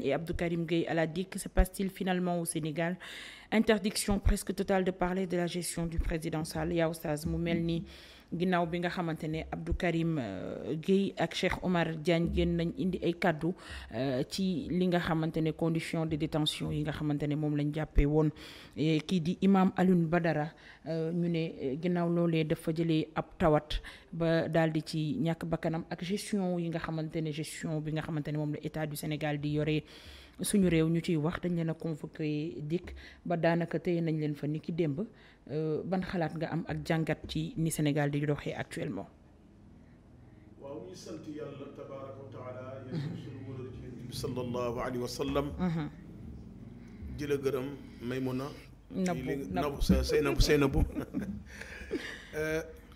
Diagne et Abdou Karim Gueye à la DIC. Se passe-t-il finalement au Sénégal Interdiction presque totale de parler de la gestion du président Sall yaa oustaz mu mel ni. ginnaaw bi nga xamante ne Abdou Karim euh, Guèye ak Cheikh Omar Diagne génn nañ indi ay kàddu euh, ci li nga xamante ne condition de détention yi nga xamante ne moom lañ jàppee woon kii di imaam imam Alioune Badara euh, ñu ne ginnaaw loolee dafa jëlee ab tawat ba daal di ci ñàkk bakkanam ak gestion yi nga xamante ne gestion bi nga xamante ne moom la état du Sénégal di yore. suñu réew ñu ciy wax dañ leen a convoqué dikk ba daanaka téye nañ leen fa ni ki démb euh, ban xalaat nga am ak jàngat ci ni Sénégal di doxee actuellement. waaw ñu sant yàlla tabaaraka wa taala sallallahu alayhi wa sallam. Mhm. di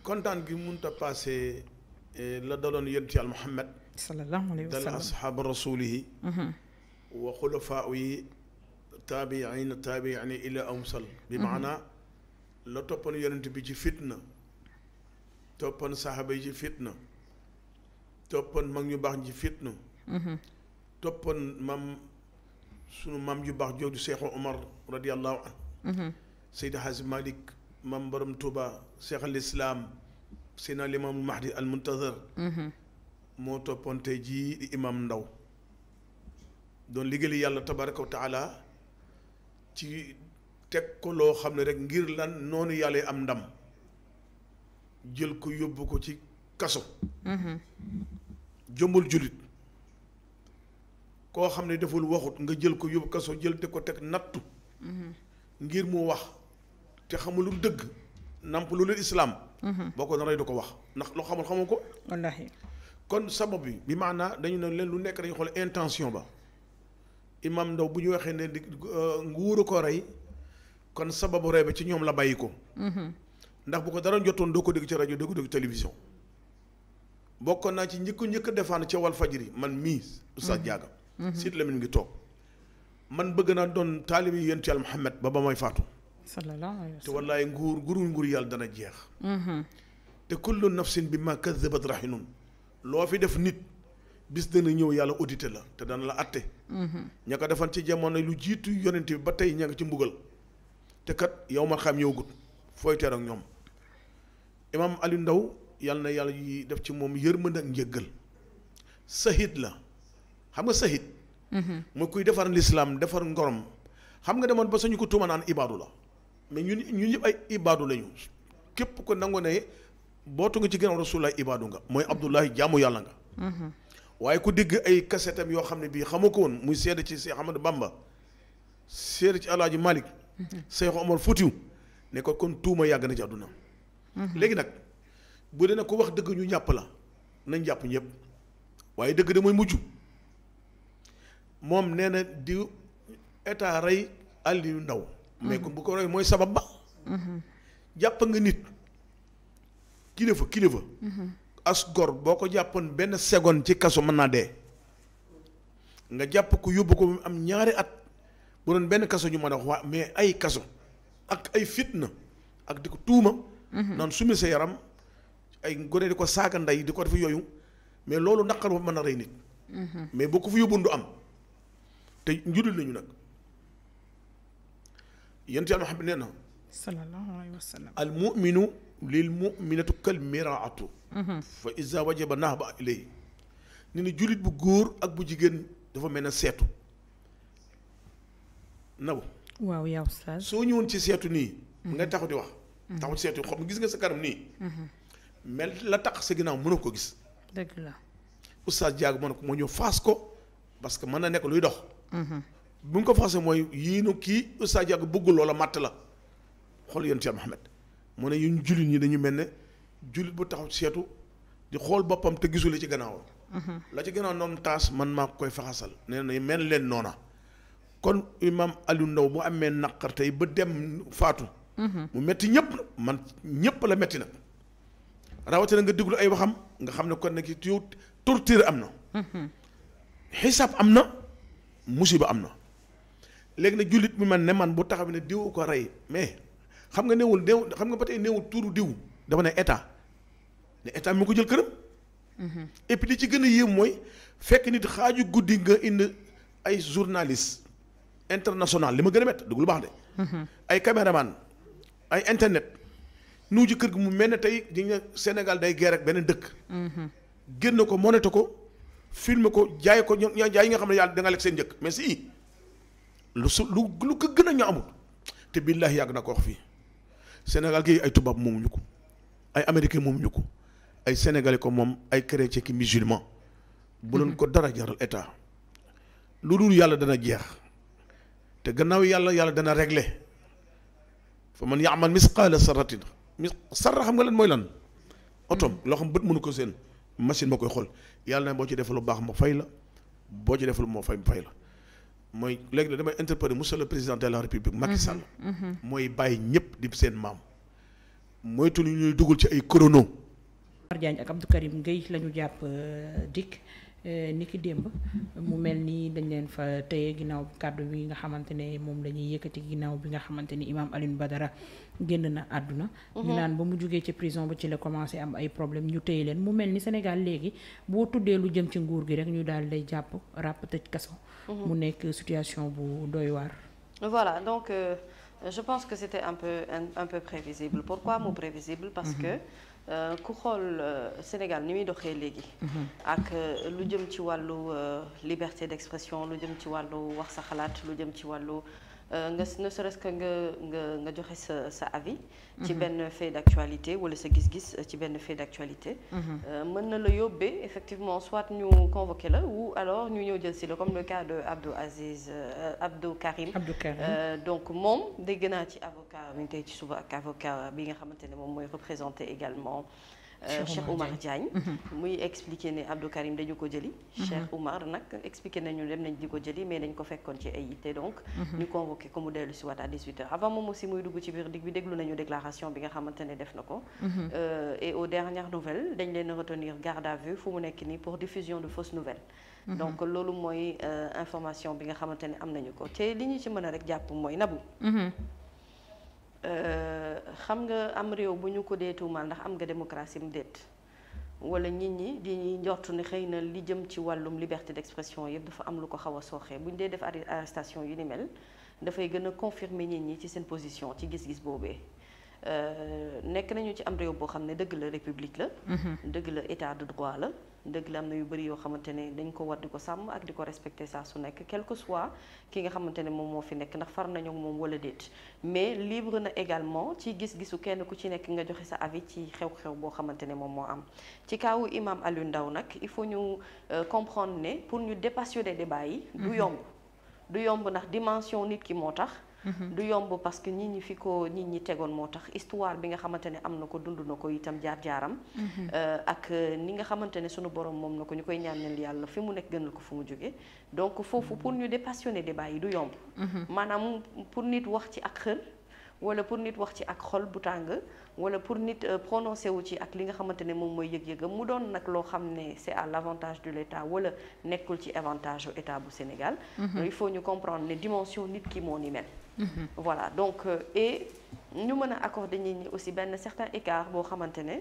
kontaan gi mënut a passé euh, la daloon yonent Yàlla Muhammad. dal ashaaba rasulihi. Mhm. wa xulafaa yi taabiina taabiina ila amsal bi mhm. maanaa la toppoon yonent bi ci fitna toppoon saxaaba yi ci fitna toppoon mag ñu baax ñi ci fitna mhm. toppoon maam sunu maam ju baax jooju Seexu Omar radiallahu an mhm. Seydi Xaasi Malik maam borom Tuuba Seex al Islaam Seydina Limaamul Mahdi al moo toppoon tey jii imaam Ndaw doon liggéey yàlla tabaraka wa taala ci teg ko loo xam ne rek ngir lan noonu yàlla am ndam jël ko yóbbu ko ci kaso mm-hmm. jombul jullit koo xam ne deful waxut nga jël ko yóbbu kaso jël te ko teg nattu mm-hmm. ngir mu wax te xamul lu dëgg namp lu leen islaam mm-hmm. boo ko naray du ko wax ndax loo xamul xamoo ko kon sabab bi bi maanaa dañu ne leen lu nekk dañu xool intention ba imam Ndaw bu ñu waxee ne di euh, nguuru ko rey kon sababu rey ba ci ñoom la bàyyi ko. Mm-hmm. ndax bu ko dara jotoon doo ko dégg ci rajo doo ko dégg télévision. bokkoon naa ci njëkk njëkk defaan ca wal fajiri man mii. Oustaz mm-hmm. Diaga. Mm-hmm. Sidy Lamine ngi toog. man bëgg naa doon taalib yi yonent Yàlla Muhammad ba ba may faatu. sallallahu alayhi wa sallam te wallaay nguur nguur nguur yàlla dana jeex. te kullu nafsin bi ma kazzabat rahinun loo fi def nit. bis dana ñëw yàlla audité la te dana la atte mhm. ña ko ci jamono lu jiitu yonent bi ba tey ña ngi ci mbugal te kat yow ma xam ñëw gut fooy teer ñoom imaam ali ndaw yàlla na yàlla yi def ci moom yërmande ak njëggal sahid la xam nga sahid mhm. mooy kuy defar lislaam defar ngorom xam nga demoon ba sañu ko tuuma naan ibaadu la mais ñun ñun ñëpp ay ibaadu lañu képp ko nangu ne bootu nga ci ginnaaw rasulullah ibaadu nga mooy abdullahi jaamu yàlla nga mhm. waaye ku dégg ay kasetam yoo xam ne bii xamoo ko woon muy seede ci Cheikh Ahmadou Bamba seede ci Alaaji Malick Cheikh Omar Foutiou ne ko kon tuuma yàgg na ci àdduna mhm. léegi nag bu dee nag ko wax dëgg ñu jàpp la nañ jàpp ñëpp waaye dëgg de mooy mujj moom nee na di état rey Aliou ndaw mais mhm. kon bu ko rey mooy sabab ba mhm. jàpp nga nit kilifa kilifa as gor boo ko jàppoon benn seconde ci kaso mën naa dee nga jàpp ko yóbbu ko mu am ñaari at bu doon benn kaso ñu mën a wax mais ay kaso ak ay fitna ak di ko tuuma. Mhm. naan sumi sa yaram ay gone di ko saaga ndey di ko def yooyu mais loolu naqar ma mën a rey nit. Mhm. mais boo ko fi yóbbuwoon du am te njurul nañu nag yéen itam xam ne na. sallallahu lil mu'minatu kal miraatu mhm. fa isa wajaba nax ba ilay ne ni jullit bu góor ak bu jigéen dafa mel na seetu nabu waaw soo ñëwoon ci seetu nii mhm. nga taxu di wax mhm. taxu ci seetu xob gis nga sa kanam nii mel la tax sa ginnaaw mënoo ko gis dëgg la Oustaz Diago mën ko moo ñëw faas ko parce que mën na nekk luy dox bu mu ko faasee mooy yii nu kii Oustaz Diago bëgg loola màtt la xool yonent Yàlla Muhammad mu ne yuñ jullit ñi dañu mel ne jullit bu taxaw seetu di xool boppam te gisul ci gannaawam. Mm-hmm. la ci gannaaw noom taas man maa koy faxasal ne na mel leen noona kon imam Aliou Ndao bu amee naqar tey ba dem faatu. Mm-hmm. mu metti ñëpp man ñëpp la metti nag rawatina nga déglu ay waxam nga xam ne kon nag yow torture am na. Mm-hmm. xisaab am na musiba am na léegi nag jullit bi man ne man bu taxaw ne diw ko rey mais. xam nga newul néew xam nga ba tey néewul tuuru diw dama ne état ne état mi ko jël këram. Mm-hmm. et ci gën a yéem mooy fekk nit xaaju guddi nga indi ay journaliste international li ma gën a métti dugg lu baax de. Mm-hmm. ay caméraman ay internet nu ji kër gi mu mel ne tey di nga Sénégal day guerre ak beneen dëkk. Mm-hmm. génn ko monété ko filmer ko jaay ko ñoom jaay yi nga xam ne yàlla da nga lekk seen njëkk mais si lu su lu lu ko gën a ñu amul te billaahi yàgg na ko wax fii. Sénégal gi ay tubaab moomuñu ko ay moom ñu ko ay sénégalais ko moom ay chrétien ki musulman bu leen ko dara jaral état lu dul yàlla dana jeex te gannaaw yàlla yàlla dana réglé fa man yaamal misqaala sarratin mis sarra xam nga lan mooy lan otom loo xam bët mënu ko seen machine ma koy xool yàlla na boo ci def lu baax ma fay la boo ci def lu moo fay fay la mooy léegi damay interpeller monsieur le président de la république Macky mhm, Sall mhm. mooy bàyyi ñëpp di seen maam moytu lu ñuy dugal ci ay chrono Omar Diagne ak Abdou Karim Gueye la jàpp euh, dikk Euh, niki démb mu mel nii dañ leen fa téye ginnaaw kàddu bi nga xamante ne moom la yëkkati ginnaaw bi nga xamante ni imaam Alioune Badara génn na àdduna. Mhm. ñu naan ba mu jugee ci prison ba ci la commencé am ay problème ñu téye leen mu mel ni Sénégal léegi boo tuddee lu jëm ci nguur gi rek ñu daal lay jàpp ràpp tëj kaso. Mhm. mu nekk situation bu doy waar. voilà donc euh, pense que c'était un peu prévisible pourquoi mot prévisible parce mhm. que. Euh, ku xool euh, Sénégal ni muy doxee léegi. Mhm. ak euh, lu jëm ci wàllu liberté d'expression lu jëm ci wàllu wax sa xalaat lu jëm ci wàllu. Euh, nga ne serait-ce que nga nga nga joxe sa sa avis. ci mhm. benn fait d'actualité wala sa gis-gis euh, ci benn fait d'actualité. Mhm. Euh, mën na la yóbbee effectivement soit ñu convoqué la ou alors ñu ñëw jël si la comme le cas de Abdou Aziz Abdou Karim. donc moom dégg naa ci avocat mi tey ci suba ak avocat bi nga xamante ne moom mooy représenté également. Euh, Cheikh Oumar Diagne mhm. muy expliqué ne Abdou Karim dañu ko jëli mhm. Cheikh Oumar nag expliqué nañu dem nañ di ko jëli mais dañ ko fekkoon ci ay yitte donc mhm. ñu convoqué ko dellu si waat à 18 heures avant moom aussi muy dugg ci biir dig bi déglu nañu déclaration bi nga xamante def na ko euh, et aux dernières nouvelles dañ leen retenir garde à vue fu mu nekk nii pour diffusion de fausses nouvelles donc loolu mooy euh, information bi nga xamante am nañu ko te li ñu ci mën a rek Euh, xam nga am réew bu ñu ko dee tuumaal ndax am nga démocratie mu déet wala nit ñi di njort ne xëy na li jëm ci wàllum liberté d'expression yëpp dafa am lu ko xaw a sooxee bu ñu dee def arrestation yu ni mel dafay gën a confirmer nit ñi ci seen position ci gis-gis boobee euh, nekk nañu ci am réew boo xam ne dëgg la république la mhm. dëgg la état de droit la dëgg la am na yu bëri yoo xamante ne dañ ko war di ko sàmm ak di ko respecté saa su nekk quel soit ki nga xamante moom moo fi nekk ndax far nañu moom wala déet mais libre na également ci gis-gisu kenn ku ci nekk nga joxe sa avis ci xew-xew boo xamante ne moom moo am ci kaawu imam Aliou ndaw nag il faut ñu euh, comprendre ne pour ñu dépassionner débat yi du mhm. yomb du yomb ndax dimension nit ki moo tax Mm-hmm. du yomb parce que nit ñi fi ko nit ñi tegoon moo tax histoire bi nga xamante ne am na ko dund na ko itam jaar-jaaram mm-hmm. euh, ak euh, ni nga xamante ne sunu borom moom na ko ñu koy ñaanal yàlla fi mu nekk gënal ko fu mu jóge donc foofu pour ñu dépassionner débat yi du yomb mm-hmm. maanaam pour nit wax ci ak xër wala pour nit wax ci ak xol bu tàng wala pour nit euh, prononcé wu ci ak li nga xamante ne moom mooy yëg-yëgam mu doon nag loo xam ne c'est à l'avantage de l'État wala nekkul ci avantage u bu Sénégal il faut ñu ki moo ni Mhm. voilà donc euh, et ñu mën a accorder nit ñi aussi benn certain écart boo xamante ne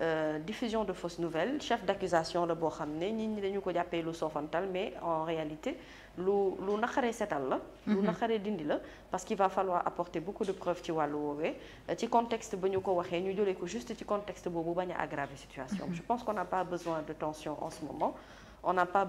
euh, diffusion de fausses nouvelles chef d'accusation la boo xam ne nit ñi dañu ko jàppee lu soofantal mais en réalité lu lu naqaree setal la lu mhm. naqaree dindi la parce qu'il va falloir apporter beaucoup de preuves ci wàllu woowee ci contexte ba ñu ko waxee ñu jëlee ko juste ci contexte boobu bañ a aggraver situation mhm. je pense qu'on n'a pas besoin de tension en ce moment on n'a pas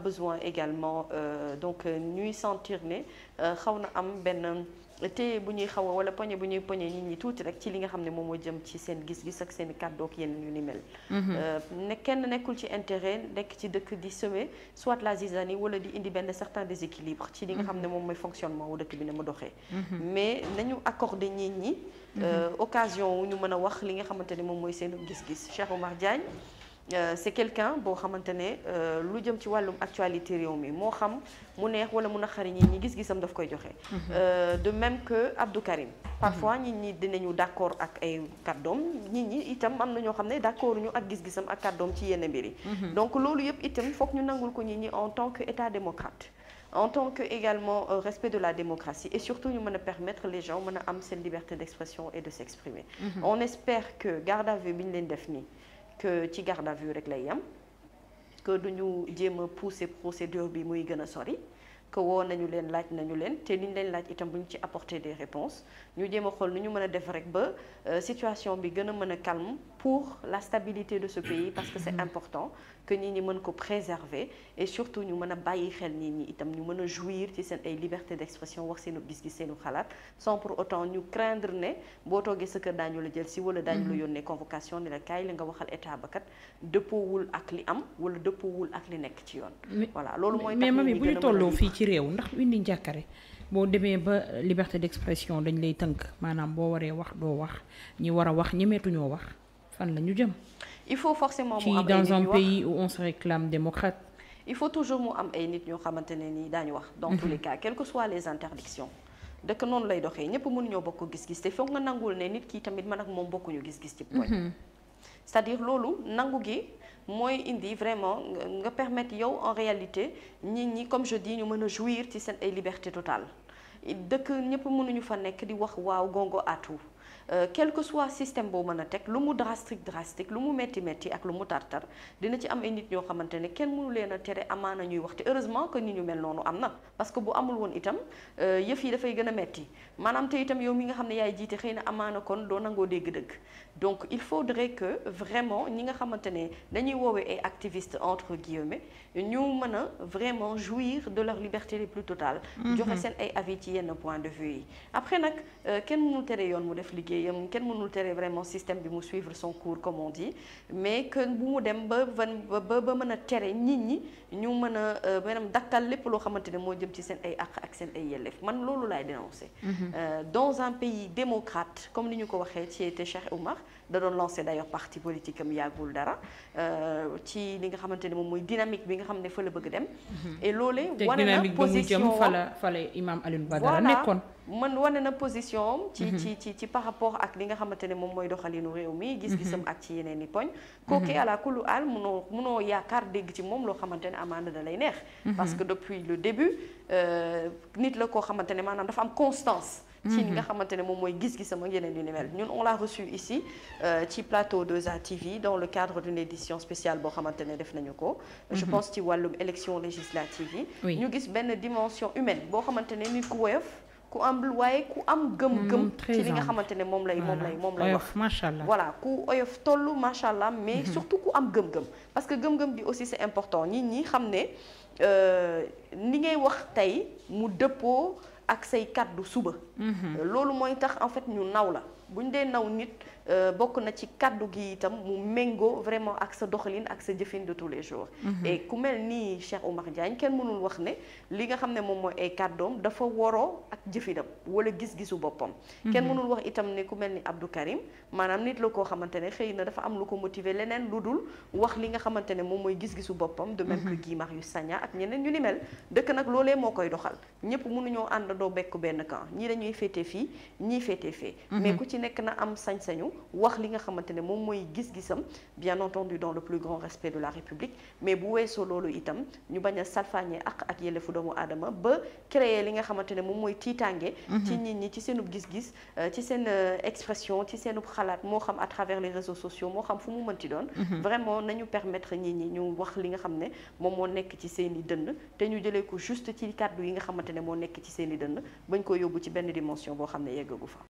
euh, donc ñuy sentir ne xaw na am benn te bu ñuy xaw a wala poñe bu ñuy poñe nit ñi tuuti rek ci li nga xam ne moom moo jëm ci seen gis-gis ak seen kàddu yenn yu ni mel. Mhm. Euh, ne kenn nekkul ci intérêt nekk ci dëkk di semer soit la zizanie wala di indi benn certain déséquilibre ci li nga xam ne mhm. moom mooy fonctionnement wu dëkk bi na ma doxee. Mhm. mais nañu accorder nit ñi. Euh, occasion wu ñu mën a wax li nga xamante ne moom mooy seen gis-gis Cheikh Omar Diagne. Euh, c'est quelqu'un boo xamante ne euh, lu jëm ci wàllum actualité réew mi moo xam mu neex wala a naqari ñi ñi gis-gisam daf koy joxe. Mhm. Euh, de même que Abdou Karim. parfois mhm. nit ñi dinañu d'accord ak ay kàddoom nit ñi itam am na ñoo xam ne d'accord ñu ak gis-gisam ak kàddoom ci yenn mbir yi. Mhm. donc loolu yëpp itam fokk ñu nangul ko ñi ñi en tant que état démocrate. en tant que également respect de la démocratie et surtout ñu mën a permettre les gens mën a am seen liberté bi ñu leen def nii. que ci garde à vue rek lay yem que duñu jéem a pousser procédure bi muy gën a sori que woo nañu leen laaj nañu leen te liñ leen laaj itam bu ñu ci apporter des réponses ñu jéem a xool nu ñu mën a def rek ba euh, situation bi gën a mën a calme pour la stabilité de ce pays parce que c'est important que nit ni mën ko préserver et surtout ñu mën a bàyyi xel nii ñi itam ñu mën a jouir ci seen ay liberté d'expression wax seenu gis-gis seenu xalaat sans pour autant ñu craindre ne boo toogee sa kër daañu la jël si wala daañu la mm-hmm. yónnee convocation ni la kaay la nga waxal état ba kat dëppoowul ak li am wala dëppoowul ak li nekk ci yoon. voilà loolu mooy. mais mami ñu tolloo fii ci réew ndax indi njàkkare boo demee ba liberté d'expression dañ lay tënk maanaam boo waree wax doo wax ñi war a wax ñemeetuñoo wax. fan la ñu jëm. il faut forcément mu am dans un pays où on se réclame démocrate. toujours mu am ay nit ñoo xamante ne nii daañu wax. dans mhm. tous les cas quelles que soient les interdictions. dëkk noonu lay doxee ñëpp mënuñoo bokk gis-gis te foog nga nangul ne nit kii tamit man ak moom bokkuñu gis-gis ci point mhm. c'est-à-dire loolu nangu gi mooy indi vraiment nga permettre yow en réalité nit ñi comme je ñu mën a jouir ci seen ay liberté totale dëkk ñëpp mënuñu fa nekk di wax waaw gongo à tout Euh, quel que soit système boo mën a teg lu mu drastique drastique lu mu métti métti ak lu mu tartar dina ci am ay nit ñoo xamante ne kenn mënu leen a tere amaana ñuy wax te heureusement que nit ñu mel noonu am na parce que bu amul woon itam euh, yëf yi dafay gën a métti maanaam te itam yow mi nga xam ne yaay jiite xëy na amaana kon doo nangoo dégg-dëgg donc il faudrait que vraiment ñi nga xamante ne dañuy woowee ay activistes entre guillemets ñu mën a vraiment jouir de leur liberté les plus mm-hmm. seen ay avis ci yenn point de vue yi après nag euh, kenn tere yoon mu def liggéey liggéeyam kenn mënul tere vraiment système bi mu suivre son cours comme on dit mais que bu mu dem ba ba mën a tere nit ñi ñu mën a euh, maanaam dakkal lépp loo xamante ne moo jëm ci seen ay àq ak seen ay yelleef man loolu laay dénoncer. Mhm. Euh, dans un pays démocrate comme ni ñu ko waxee ci te Cheikh Oumar da doon lancé d'ailleurs parti politique am yàggul dara euh, ci li nga xamante ne moom mooy dynamique bi nga xam ne fa la bëgg dem. Mhm. et loolee wane na position te dynamique bi mu jëm fa la fa la Imam Alioune mën wane na position ci mhm. ci ci ci par rapport ak li nga xamante ne moom mooy doxaliinu réew mi mhm. gis-gisam ak ci yeneen i poñ mhm. kooki àla kulu al munoo munoo yaakaar dégg ci moom loo xamante ne amaana da lay neex parce que depuis le début euh, nit la koo xamante ne maanaam dafa am constance ci li nga xamante ne moom mooy gis-gisam ak yeneen yu ni mel ñun on l'a reçu ici euh, ci plateau 2A TV dans le cadre d'une édition boo xamante ne def nañu ko je pense ci wàllum élection législative yi ñu gis benn dimension humaine boo xamante ne nit ku woyof ku am waaye ku am gëm-gëm. Mm, ci li nga xamante ne moom lay moom lay moom lay wax. macha allah voilà ku oyof toll macha allah mais mm-hmm. surtout ku am gëm-gëm. parce que gëm-gëm bi aussi c'est important nit ñi xam ne euh, ni ngay wax tey mu dëppoo ak say kàddu suba. Mm-hmm. Euh, loolu mooy tax en fait ñu naw la buñ dee naw nit. Euh, bokk na ci kàddu gi itam mu méngoo vraiment ak sa doxalin ak sa jëfin de tous les jours. Mhm. et ku mel ni Cheikh Oumar Diagne kenn mënul wax ne li nga xam ne moom mooy ay kàddoom dafa waroo ak jëfinam wala gis-gisu boppam. Mhm. kenn mënul wax itam ne ku mel ni Abdou Karim maanaam nit la koo xamante ne xëy na dafa am lu ko motiver leneen lu dul wax li nga xamante ne moom mooy gis-gisu boppam. de même que mhm. Guy yu sañaa ak ñeneen ñu ni mel dëkk nag loolee moo koy doxal ñëpp mënuñoo àndandoo bekk benn camp ñii dañuy féete fii ñii féete fee. mais ku ci nekk na am sañ-sañu. wax li nga xamante ne moom mooy gis-gisam bien entendu dans le plus grand respect de la République mais bu weesoo loolu itam ñu bañ a salfaañee ak ak yelleefu doomu aadama ba créer li nga xamante ne moom mooy tiitaange. Mhm. ci nit ñi ci seenub gis-gis euh, ci seen euh, expression ci seenub xalaat moo xam à travers les réseaux moo xam fu mu mënti doon. Mhm. vraiment nañu permettre nit ñi ñu wax li nga xam ne moom moo nekk ci seen i dënn te ñu jëlee ko juste ci kàddu yi nga xamante ne moo nekk ci seen i dënn bañ ko yóbbu ci benn dimension boo xam ne yeggagu fa.